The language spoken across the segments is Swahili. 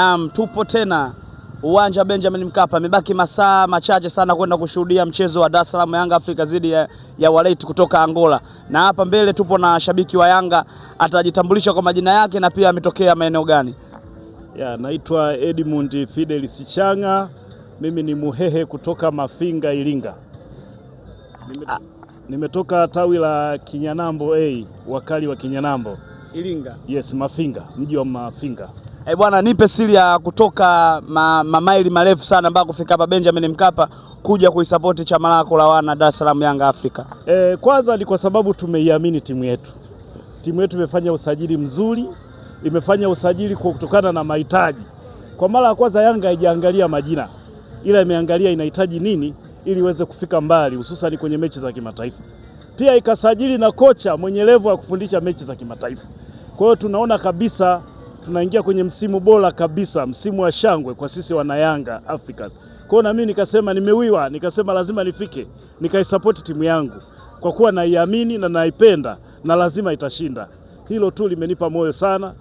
Naam, tupo tena uwanja wa Benjamin Mkapa. amebaki masaa machache sana kwenda kushuhudia mchezo wa Dar es Salaam Yanga Afrika dhidi ya, ya Walaiti kutoka Angola, na hapa mbele tupo na shabiki wa Yanga, atajitambulisha kwa majina yake na pia ametokea maeneo gani. Ya, naitwa Edmund Fidel Sichanga, mimi ni Muhehe kutoka Mafinga, Iringa. Nimetoka, ah. nimetoka tawi la Kinyanambo A, wakali wa Kinyanambo Iringa. Yes, Mafinga, mji wa Mafinga. E bwana, nipe siri ya kutoka ma, mamaili marefu sana mpaka kufika hapa Benjamin Mkapa kuja kuisapoti chama lako la wana Dar es Salaam Yanga Afrika. E, kwanza ni kwa sababu tumeiamini timu yetu. Timu yetu imefanya usajili mzuri, imefanya usajili kwa kutokana na mahitaji. Kwa mara ya kwanza Yanga haijaangalia majina, ila imeangalia inahitaji nini ili iweze kufika mbali, hususan kwenye mechi za kimataifa. Pia ikasajili na kocha mwenye levo ya kufundisha mechi za kimataifa. Kwa hiyo tunaona kabisa tunaingia kwenye msimu bora kabisa, msimu wa shangwe kwa sisi wanayanga africa Kwa hiyo na mimi nikasema nimewiwa, nikasema lazima nifike nikaisapoti timu yangu kwa kuwa naiamini na naipenda na lazima itashinda. Hilo tu limenipa moyo sana,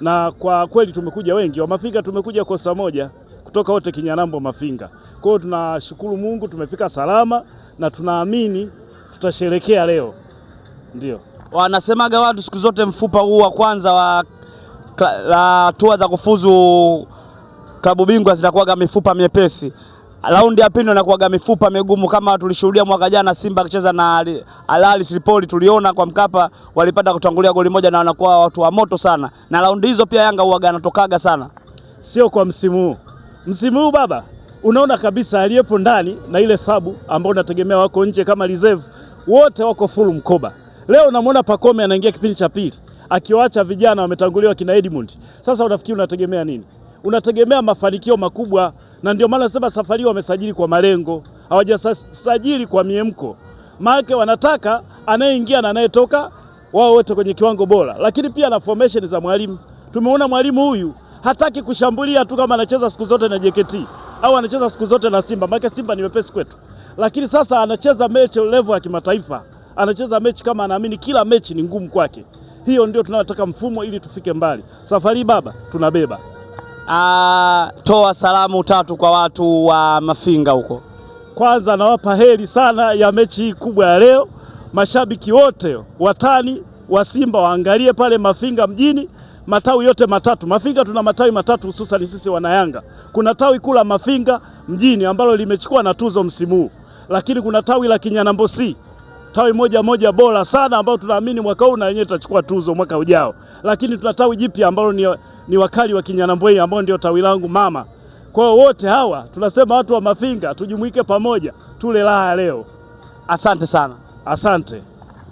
na kwa kweli tumekuja wengi wa Mafinga, tumekuja kosa moja kutoka wote Kinyanambo Mafinga. Kwa hiyo tunashukuru Mungu tumefika salama na tunaamini tutasherekea leo. Ndio wanasemaga watu siku zote, mfupa huu wa kwanza wa hatua za kufuzu klabu bingwa zinakuwaga mifupa miepesi. Raundi ya pili ndio inakuwaga mifupa migumu, kama tulishuhudia mwaka jana Simba akicheza na Al Ahly Tripoli, tuliona kwa Mkapa walipata kutangulia goli moja na wanakuwa watu wa moto sana, na raundi hizo pia Yanga huwaga anatokaga sana, sio kwa msimu huu. Msimu huu baba, unaona kabisa aliyepo ndani na ile sabu ambao unategemea wako nje kama reserve, wote wako full mkoba. Leo unamwona Pacome anaingia kipindi cha pili akiwaacha vijana wametanguliwa kina Edmund. Sasa unafikiri unategemea nini? Unategemea mafanikio makubwa, na ndio maana nasema safari wamesajili kwa malengo, hawajasajili kwa miemko, Maana wanataka anayeingia na anayetoka wao wote kwenye kiwango bora, lakini pia na formation za mwalimu. Tumeona mwalimu huyu hataki kushambulia tu kama anacheza siku zote na JKT au anacheza siku zote na Simba, maana Simba ni wepesi kwetu, lakini sasa anacheza mechi level ya kimataifa, anacheza mechi kama anaamini kila mechi ni ngumu kwake. Hiyo ndio tunayotaka mfumo, ili tufike mbali. Safari baba, tunabeba. Aa, ah, toa salamu tatu kwa watu wa Mafinga huko. Kwanza nawapa heri sana ya mechi hii kubwa ya leo. Mashabiki wote watani wa Simba waangalie pale Mafinga mjini matawi yote matatu. Mafinga tuna matawi matatu, hususani sisi Wanayanga. Kuna tawi kuu la Mafinga mjini ambalo limechukua na tuzo msimu huu, lakini kuna tawi la Kinyanambosi tawi moja moja bora sana ambao tunaamini mwaka huu na yenyewe tutachukua tuzo mwaka ujao, lakini tuna tawi jipya ambalo ni, ni wakali wa Kinyanambwei ambao ndio tawi langu mama. Kwa hiyo wote hawa tunasema watu wa Mafinga tujumuike pamoja, tule raha leo. Asante sana, asante.